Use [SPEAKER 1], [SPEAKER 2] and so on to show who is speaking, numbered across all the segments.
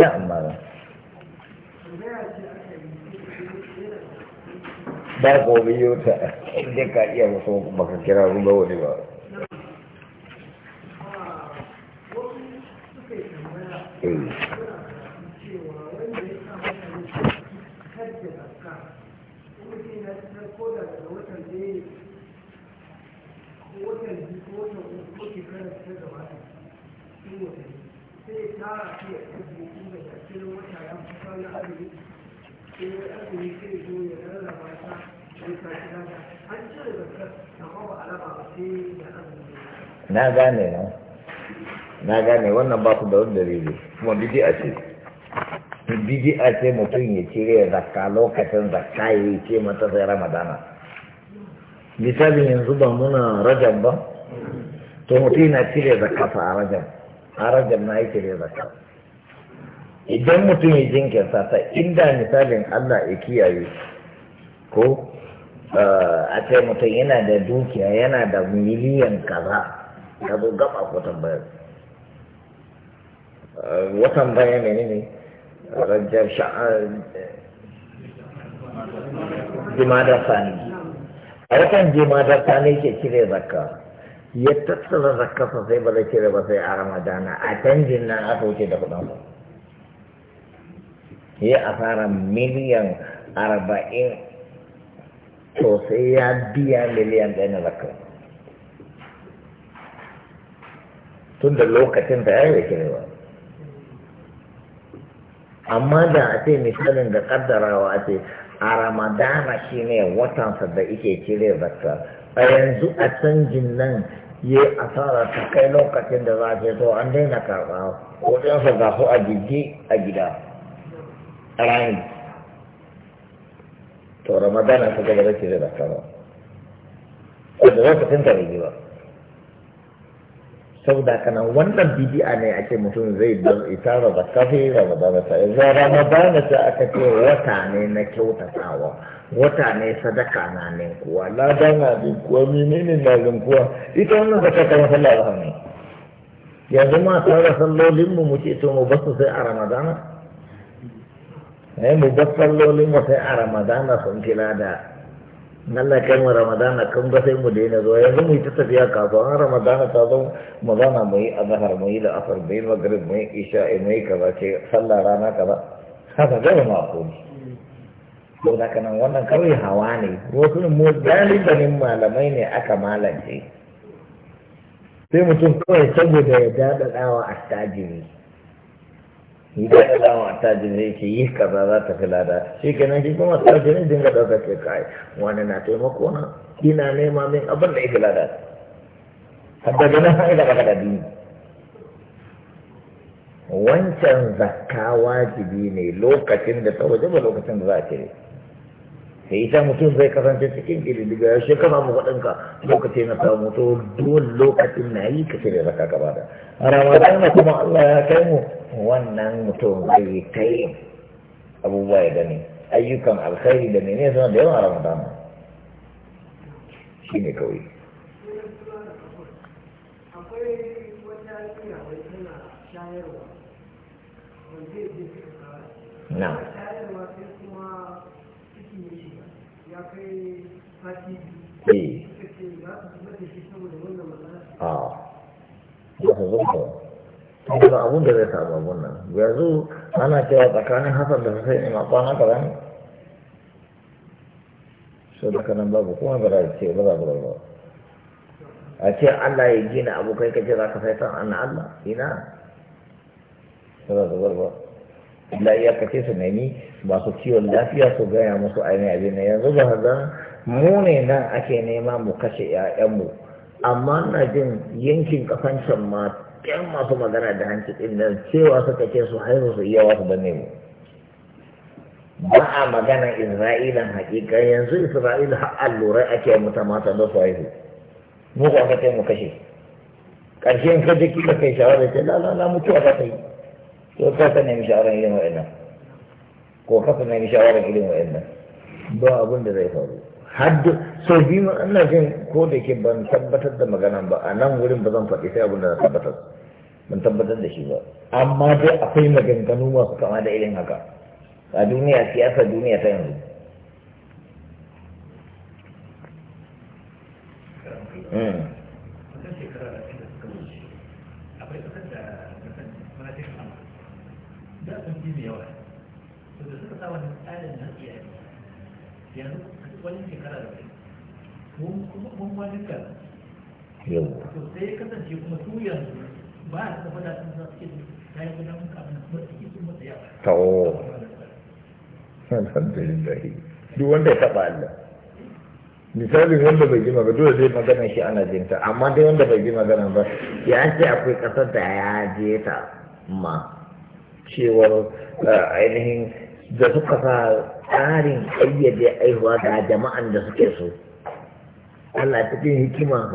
[SPEAKER 1] ya ba gobe yau ta inda ka iya wasu baka kira ruwa wani ba na gane na na gane wannan ba ku da wani dalili kuma bidi'a ce bidi'a ce mutum ya cire zakka lokacin zakka ya yi ce mata sai ramadana misalin yanzu ba muna rajab ba to mutum na cire zakka a rajab a rajab na yi cire zakka idan mutum ya jinkirta ta inda misalin Allah ya kiyaye ko Eh, a ce mutum yana da dukiya yana da miliyan kaza ka zo gaba ko tambayar eh, watan baya mene ne rajar jimadar sani a watan jimadar sani ke cire zakka ya tattara zakka sosai ba zai cire ba sai a ramadana a canjin nan aka wuce da kudin ya asara miliyan arba'in to sai ya biya miliyan ɗaya na zakka tun da lokacin da ya yi kirewa amma da a ce misalin da kaddarawa a ce a ramadana shi ne watansa da ike cire zakka a yanzu a canjin nan ya yi asara ta kai lokacin da za a ce to an daina karɓa kuɗinsa ga su a jiji a gida a rani to ramadana ta gaba da ce zai baka ba wanda za ka tunta bai ba saboda kana wannan bidi'a ne ake mutum zai dar ita raba kafe ramadana ta yanzu ramadana ta aka ce wata ne na kyautatawa wata ne sadaka na ninkuwa lada na ninkuwa menene na ninkuwa ita wannan zakata masallah rahama yanzu ma tara sallolin mu mu ce to mu basu sai a ramadana ne eh, mu bar sallolin mu sai a ramadana sun kila da Allah kai mu ramadana kan ba sai mu daina zo yanzu mu yi ta tafiya A ramadana ta zo mu zana mu yi azhar mu yi la'asar mu yi magrib mu yi isha mu yi kaza ce sallah rana kaza haka ga ma ko ko da kana wannan kawai hawa ne wasu mu galibanin malamai ne aka malance sai mutum kawai saboda ya ɗawa a tajiri idan ya dama ta jini ce yi kaza za ta fi lada shi nan shi kuma ta jini dinga ɗauka ce kai wani na taimako na ina nema min abin da ya fi lada hadda ganin har ina daga da biyu wancan zakka wajibi ne lokacin da ta waje ba lokacin da za a cire sai ita mutum zai kasance cikin ƙididdiga daga yaushe kama mu kuɗinka lokaci na samu to dole lokacin na yi ka cire zakka gaba da ramadan kuma Allah ya kai mu wannan mutum zai ta yi abubuwa ya gani ayyukan alkhairi da mene suna da yawan ramadan shi ne kawai na Eh. Ah. Ya, ba abun da zai samu abun nan yanzu ana cewa tsakanin hasan da sai ina kwana kaza so da kanan babu kuma ba za ce ba za ba ba a ce Allah ya gina abokai ce za ka sai san annan Allah ina ba za ba ba Allah ya kace su nemi masu kiwon lafiya su gaya musu aini abin nan yanzu ba haza mu ne nan ake nema mu kashe 'ya'yanmu amma na jin yankin kasancen can ma yan masu magana da hanci ɗin nan cewa suka ce su haihu su iya wasu banne mu ba a magana isra'ilan hakika yanzu isra'ila har allurai ake mutu mata da su haihu mu ko aka ce mu kashe ƙarshen ka je kika kai shawara ce la la la mutuwa ta kai to ka ta nemi shawaran irin nan ko ka ta nemi shawaran irin nan ba abin da zai faru har so bi biyu ina jin ko da ke ban tabbatar da magana ba a nan wurin ba zan faɗi sai abin da na tabbatar ban tabbatar da shi ba amma dai akwai maganganu masu kama da irin haka a duniya siyasa duniya ta yanzu hmm. yanzu wani shekara da mun kuma mun ma duka yau to sai ya kasance kuma su yanzu ba su da fada sun za su ke ta yi gudan abin da kuma suke sun masa yawa to oh. alhamdulillah duk wanda ya taba Allah misali wanda bai ji magana dole zai magana shi ana jinta amma dai wanda bai ji magana ba ya ce akwai kasar da ya je ta ma cewar eh, ainihin da suka sa tsarin ƙayyade aihuwa ga jama'an da suke so Allah cikin ba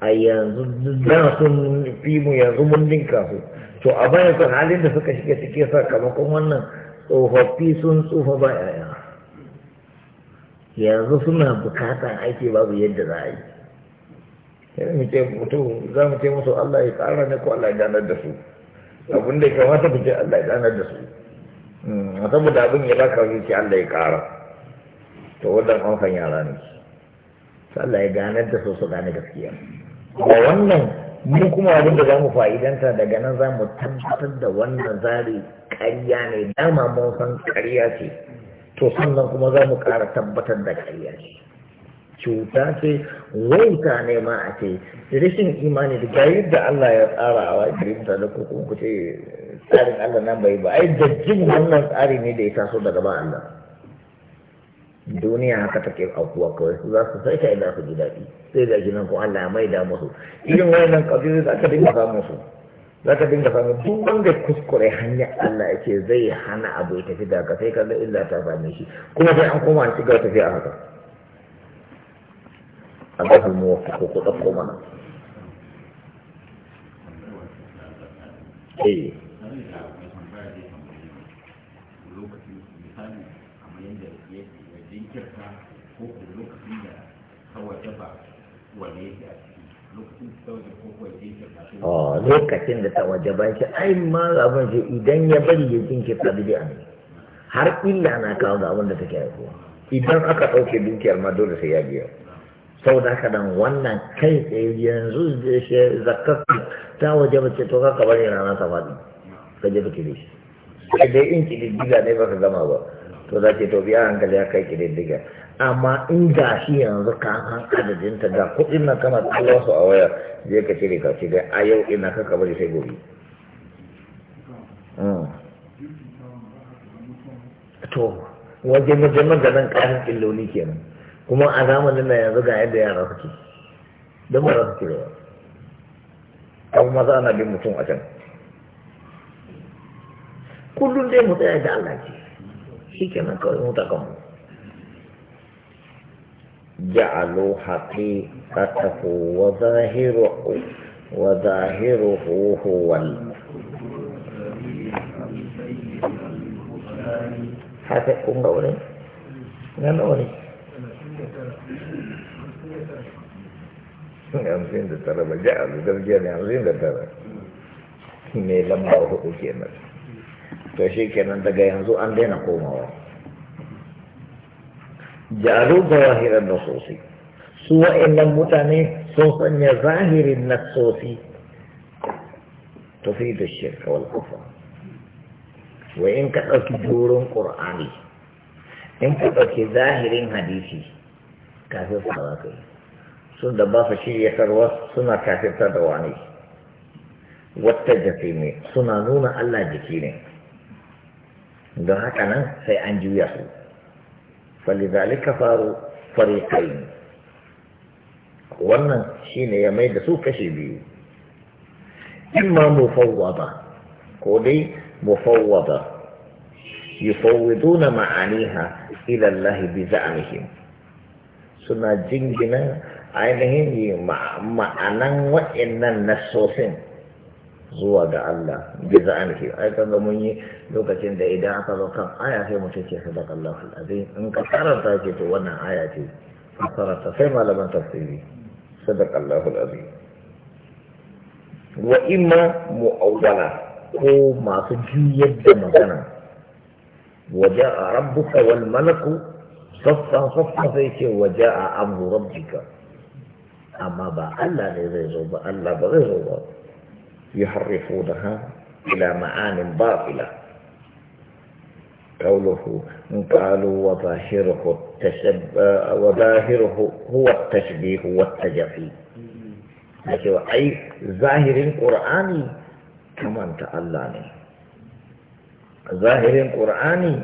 [SPEAKER 1] a yanzu da sun fi mu yanzu mun dinka su to a bayan kan halin da suka shiga cikin sakamakon wannan tsofaffi sun tsufa ba yaya yanzu suna bukatan aiki babu yadda za a yi sai mu ce mutum za mu ce musu Allah ya tsara ne ko Allah ya ganar da su abin da ya kamata ku ce Allah ya ganar da su hmm, saboda abin ya baka wuce Allah ya kara to an amfan yara ne Allah ya ganar da su su gane gaskiya ga wannan mu kuma abin da zamu fa'idanta daga nan zamu tabbatar da wannan zari ƙarya ne dama mun san ƙarya ce to sannan kuma zamu kara tabbatar da ƙarya ce cuta ce wauta ne ma a ce rashin imani da gayar da Allah ya tsara a wajen da ko ku ce tsarin Allah nan bai ba ai dajjin wannan tsari ne da ya taso daga ba Allah duniya haka take abuwa kawai su za su sai ta ina su ji daɗi sai ga gidan ko Allah ya maida musu irin wannan kabilu za ka dinga samu su za ka dinga samu duk wanda kuskure hanyar Allah ya ce zai hana abu ya tafi da ka sai kaga illa ta same shi kuma sai an koma shi ga tafi tafiya haka Allah ya mu ko da dauko mana eh lokacin misali kamar yadda yake kirka ko kuma lokacin da kawai dafa wanne yake a ciki Oh, lokacin da ta waje ban shi ai ma abin shi idan ya bari ya jinkirta da ne har illa na kawo ga abin da take yi idan aka ɗauke dukiyar ma dole sai ya biya sau da haka dan wannan kai tsaye yanzu da shi zakakku ta waje ba ce to ka bari rana ta faɗi ka je ka kire shi sai dai in kididdiga ne ba ka gama ba to za ce to biya hankali ya kai kididdiga amma in ga shi yanzu ka an adadinta da kuɗin nan kana kallon su a wayar je ka cire ka ce a yau ina ka kabari sai gobe hmm. to waje majamar da nan ƙarin illoli kenan kuma a zamanin nan yanzu ga yadda yara suke don ba za su cire ba kuma za ana bin mutum a can kullum dai mu tsaya da Allah ce shi kenan kawai mutakan ja'alu haqiqatahu wa zahiruhu wa zahiruhu huwal haka kun ga wurin na nawa ne hamsin da tara ba ja'alu gaskiya ne hamsin da tara ne lamba hudu kenan to shi kenan daga yanzu an daina komawa jaru da zahirar nasosi su wa'annan mutane sun sanya zahirin nasosi tafi da shirka wal kufa wa in ka ɗauki durin ƙur'ani in ka ɗauki zahirin hadisi kafin su za ka yi sun da ba su shirya karwa suna kafirta da wani wata jafi ne suna nuna allah jiki ne don haka nan sai an juya su zalika faru farikai wannan shine ya mai da su kashe biyu imma mufawwada ko dai mufawwada yufawwiduna ma'aniha ila Allah bi za'amihim suna jingina ainihin ma'anan wa'annan nasosin zuwa ga Allah gizo za'anki ai kan ga mun yi lokacin da idan aka zo kan aya sai mutum ce sadaka Allahu azim in ka karanta ce to wannan aya ce karanta sai malaman tafsiri sadaka Allahu azim wa imma mu'awwala ko masu juyar da magana waje a rabbuka wal malaku saffa saffa sai ce waje a amru rabbika amma ba Allah ne zai zo ba Allah ba zai zo ba يحرفونها إلى معان باطلة قوله قالوا وظاهره التشب وظاهره هو التشبيه والتجفي لكن أي ظاهر قرآني كما ألاني ظاهر قرآني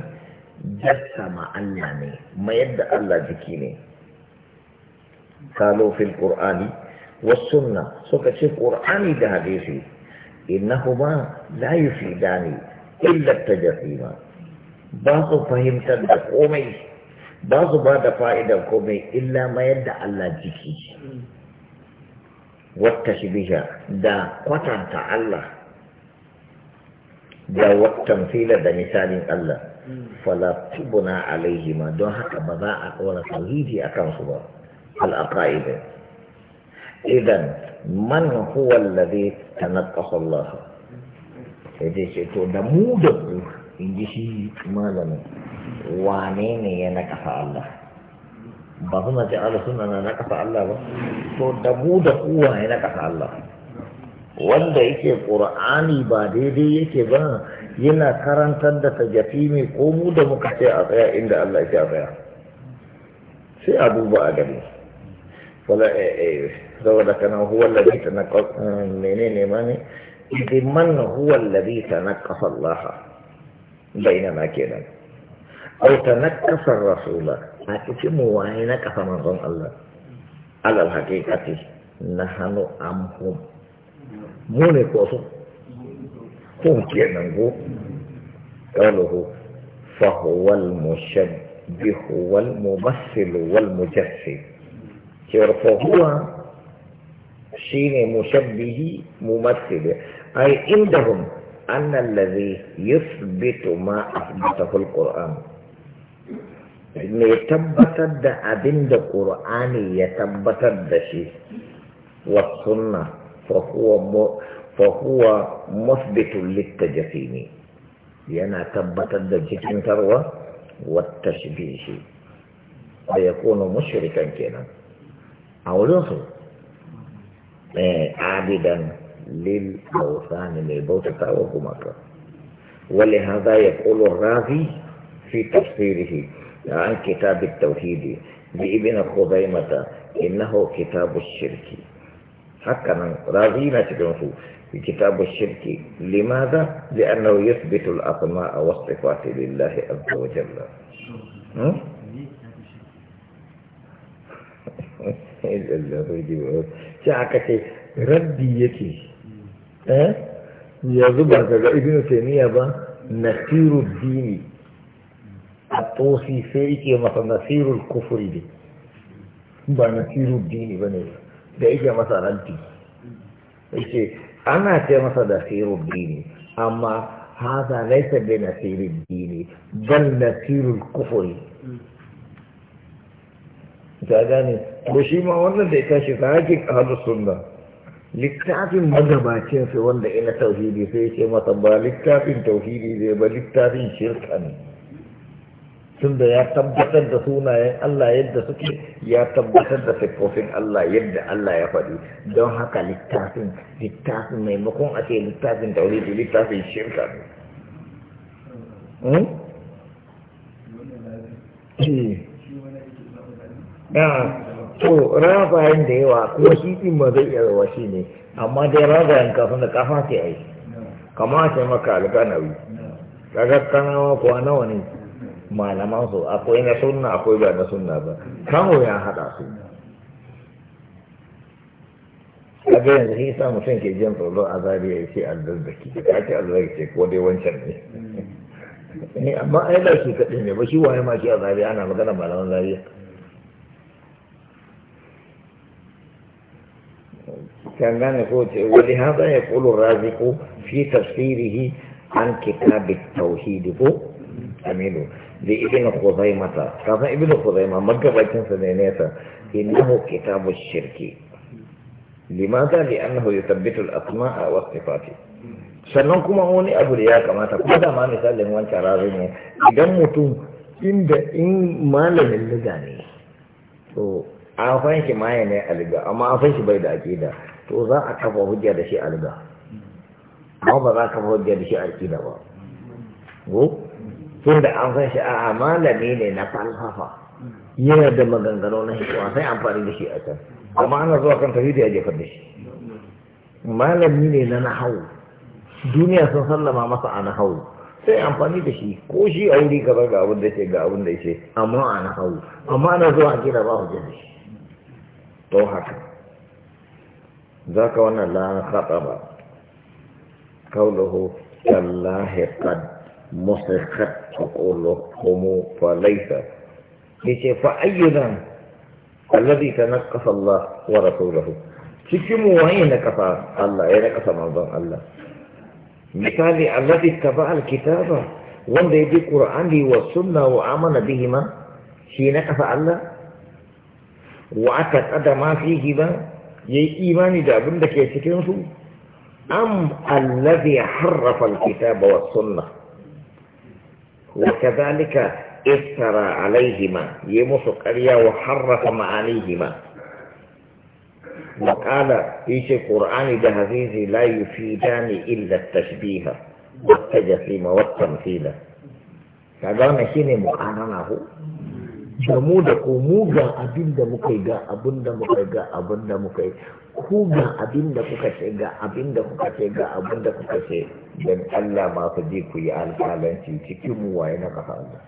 [SPEAKER 1] جسم ألاني ما يد الله جكيني قالوا في القرآن والسنة تشوف قرآني ده حديثي إنهما لا يفيدان إلا التجسيم بعض فهمت قومي بعض بعد فائدة قومي إلا ما يدعى الله جيكي والتشبيه دا قطن الله دا والتمثيل دا مثال الله فلا تبنا عليهما دون حتى بذاء ولا توحيدي أكام صبر الأقائد إذا man huwa alladhi tanaqqa Allah sai dai ce to da mu da ku in ji shi malamin wane ne ya nakafa Allah ba na ce ala suna na nakafa Allah ba to da mu da ku ya nakafa Allah wanda yake qur'ani ba daidai yake ba yana karantar da mai ko mu da muka ce a tsaya inda Allah yake a tsaya sai a duba a gani wala eh eh ذو لكن هو الذي تنقص منين ماني إذ من هو الذي تنقص الله بينما كان أو تنكس الرسول هكذا موانين كثمان ظن الله على الحقيقة نحن أمهم موني قوسو هم كيننغو قاله فهو المشبه والممثل والمجسد كيف هو حين مشبه ممثل أي عندهم أن الذي يثبت ما أثبته القرآن إن يثبت عند القرآن يتبت الشيء والسنة فهو م... فهو مثبت للتجسيم لأن ثبت الجسم تروى والتشبيه ويكون مشركا كنا أو عابدا للأوثان من بوتة مكة ولهذا يقول الرازي في تفسيره عن كتاب التوحيد لابن خزيمة إنه كتاب الشرك حقا راضينا تكنسوا في كتاب الشرك لماذا؟ لأنه يثبت الأطماء والصفات لله عز وجل shi aka ce rabbi yake eh? yanzu ba ga ibn taymiya ba nasiru dini a tosi sai yake masa nasiru kufuri ne ba nasiru dini ba ne da yake masa raddi yake ana ce masa nasiru dini amma haza laisa bi nasiru dini bal nasiru kufuri ta gane ko shi ma wannan da ya tashi ta haƙi hannun sunna littafin magabacin sai wanda ina tauhidi sai ce masa ba littafin tauhidi zai ba littafin shirka ne tun da ya tabbatar da sunayen Allah yadda suke ya tabbatar da sifofin Allah yadda Allah ya faɗi don haka littafin littafin maimakon a ce littafin tauhidi littafin shirka ne. Hmm? Eh. to rabayen da yawa kuma shi din ba zai iya rawa shi ne amma dai rabayen kafin da kafa ce ai kama ce maka alganawi kaga kanawa kuwa nawa ne malaman su akwai na sunna akwai ba na sunna ba kawo ya hada su kaga yanzu shi sa mutum ke jin tsoro a zariya ya ce alzazzaki ka ce alzazzaki ce ko dai wancan ne eh, amma ai da shi kaɗai ne ba shi waye ma shi a zariya ana magana malaman zariya كان غانا فوت ولهذا يقول الرازق في تفسيره عن كتاب التوحيد هو أمين لابن خزيمة كان ابن خزيمة مجرد سنينيتا إنه كتاب الشرك لماذا لأنه يثبت الأسماء والصفات sannan kuma wani abu da ya kamata kuma da ma misalin wancan rarin ne idan mutum inda in malamin liga ne to an maye ne a liga amma an bai da aƙida to za a kafa hujja da shi a riga amma ba za ka kafa hujja da shi a aƙida ba ko tun da an san shi a malami ne na falsafa yana da maganganu na hikima sai amfani da shi a can amma ana zuwa kan tafidi ya jefar da shi malami ne na nahawu duniya sun sallama masa a nahawu sai amfani da shi ko shi a wuri kaza ga abin da ke ga abin da ce amma a nahawu amma ana zuwa a kira ba hujjar da shi to haka ذاك وانا لا خطب قوله كالله قد مسخت قلوبهم فليس كيف فأي الذي تنقص الله ورسوله تكيمو وين كفى الله اين كفى مرضان الله مثال الذي اتبع الكتاب وندي بالقران والسنة وآمن بهما حين كفى الله وأتت أدى ما فيه بقى. ya yi imani da abin da ke cikinsu am allazi harrafa alkitaba was sunna wa kadhalika iftara alaihima yi musu ƙarya wa harrafa ma'anihima wa qala yace qur'ani da hadisi la yufidani illa tashbiha wa tajsima wa tamthila kaga wannan shine mu'anana ko da mu da ku mu ga abin da muka yi ga abin da muka yi ga abin da muka yi ku ga abin da kuka ce ga abin da kuka ce ga abin da kuka ce dan Allah ma ku ji ku yi alƙalanci cikin mu waye na kafa Allah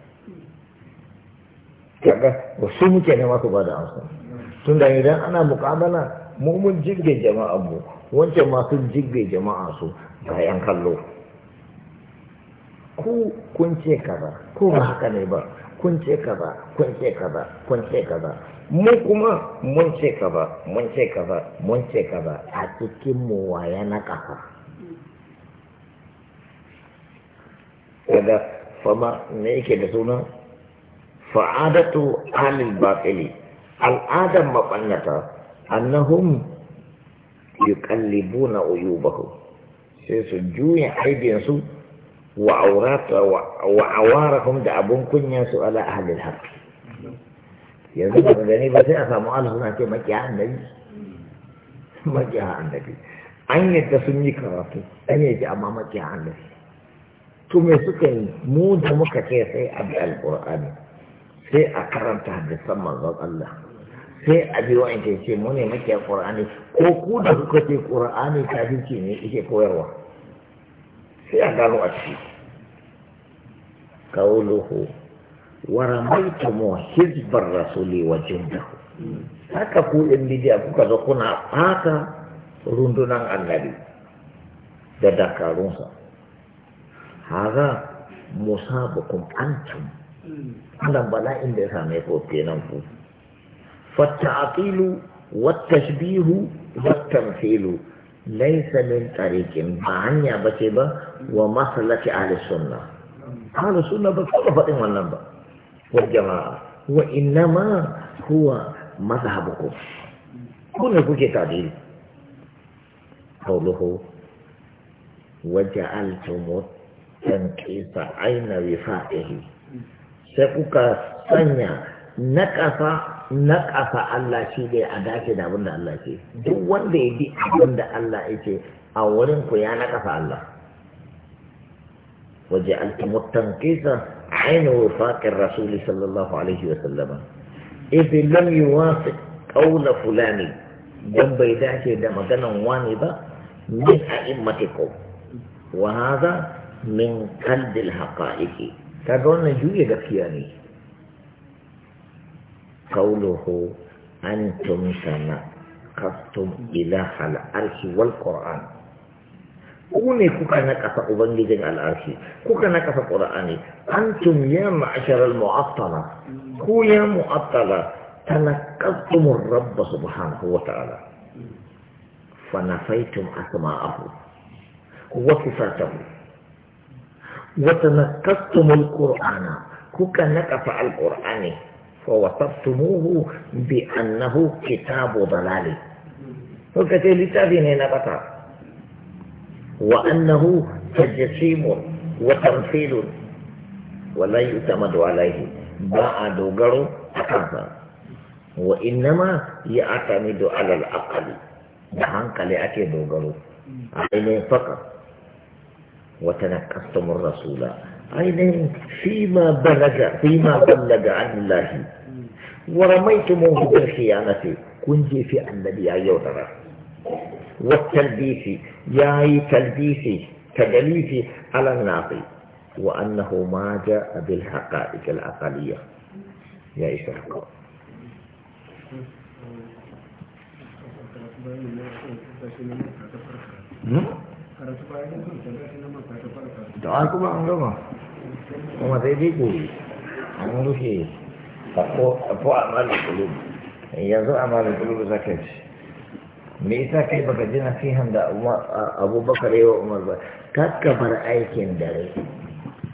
[SPEAKER 1] kaga ba su muke ne masu ba da amsa tun da idan ana muƙabala mu mun jigge jama'a mu wancan masu jigge jama'a su ga yan kallo ku kun ce kaza ko ba haka ne ba kun ce ka ba kun ce ka ba kun ce ka ba mu kuma mun ce ka ba mun ce ka ba mun ce ka ba a cikin mu waya na kafa kada fama me yake da suna fa'adatu halin baƙili al'adar mabannata annahum yuqallibuna uyubahum sai su juya aibinsu wa'awarahum da abun kunya su ala ahlil haqqi yanzu ba gani ba sai a samu Allah suna ce makiya annabi makiya annabi an yadda sun yi karatu an yadda amma makiya annabi to me suka yi mu da muka ce sai a bi alqur'ani sai a karanta hadisan manzon Allah sai a bi wa'in ce mu ne makiya qur'ani ko ku da kuka ce qur'ani kafirci ne yake koyarwa sai a gano a ciki kauluhu wa mu hizbar rasuli wa jinda haka ku in bidiya kuka zo kuna fata rundunan annabi da dakarunsa haza musabakum antum wannan bala'in da ya same ku kenan ku tashbihu wa tamthilu laisa min tariqin ba hanya bace ba wa masalati ahli sunna ahli sunna ba su faɗin wannan ba wa jama'a wa innama huwa mazhabukum ku ne kuke tadili qawluhu wa ja'altum tanqisa aina wifa'ihi sai kuka sanya naƙasa na ƙasa Allah shi ne a dace da abin da Allah ke duk wanda ya bi abin da Allah yake a wurin ku ya na ƙasa Allah waje altamutan kisa ainihin faƙin rasuli sallallahu alaihi wa sallama ifi lam yi wasu ƙaula fulani don bai dace da maganan wani ba min a matiko wa haza min kaldil haƙa'iki kaga wannan juya gaskiya ne قوله أنتم سنة قفتم إله الأرش والقرآن Kune kuka na kasa Ubangijin al’arshi, kuka na kasa ƙura'ani, an tun ya ma’asharar mu’attala, ku ya mu’attala ta na ƙasumin rabba su buhan wa ta’ala, fanafaitun asima abu, wasu satabu, wata na ƙasumin ƙura'ana, kuka na kasa al’ur'ani. فوصفتموه بأنه كتاب ضلال فكتب لتابين نبتا وأنه تجسيم وتمثيل ولا يعتمد عليه باء دوغرو أكبر وإنما يعتمد على العقل دهان كلي أكي دوغرو عيني فقط وتنكستم الرسول عينيك فيما بلغ فيما بلغ عن الله ورميتموه بالخيانة كنت في النبي يودر والتلبيس ياي تلبيس تدليس على الناقي وأنه ما جاء بالحقائق العقلية يا إسحاق hmm? دعاكم الله kuma sai dai gobe an rufe ko a malin kulubu yanzu a malin kulubu za ka ci me yasa kai baka ji nasihan da abubakar yawa umar ba kakka bar aikin dare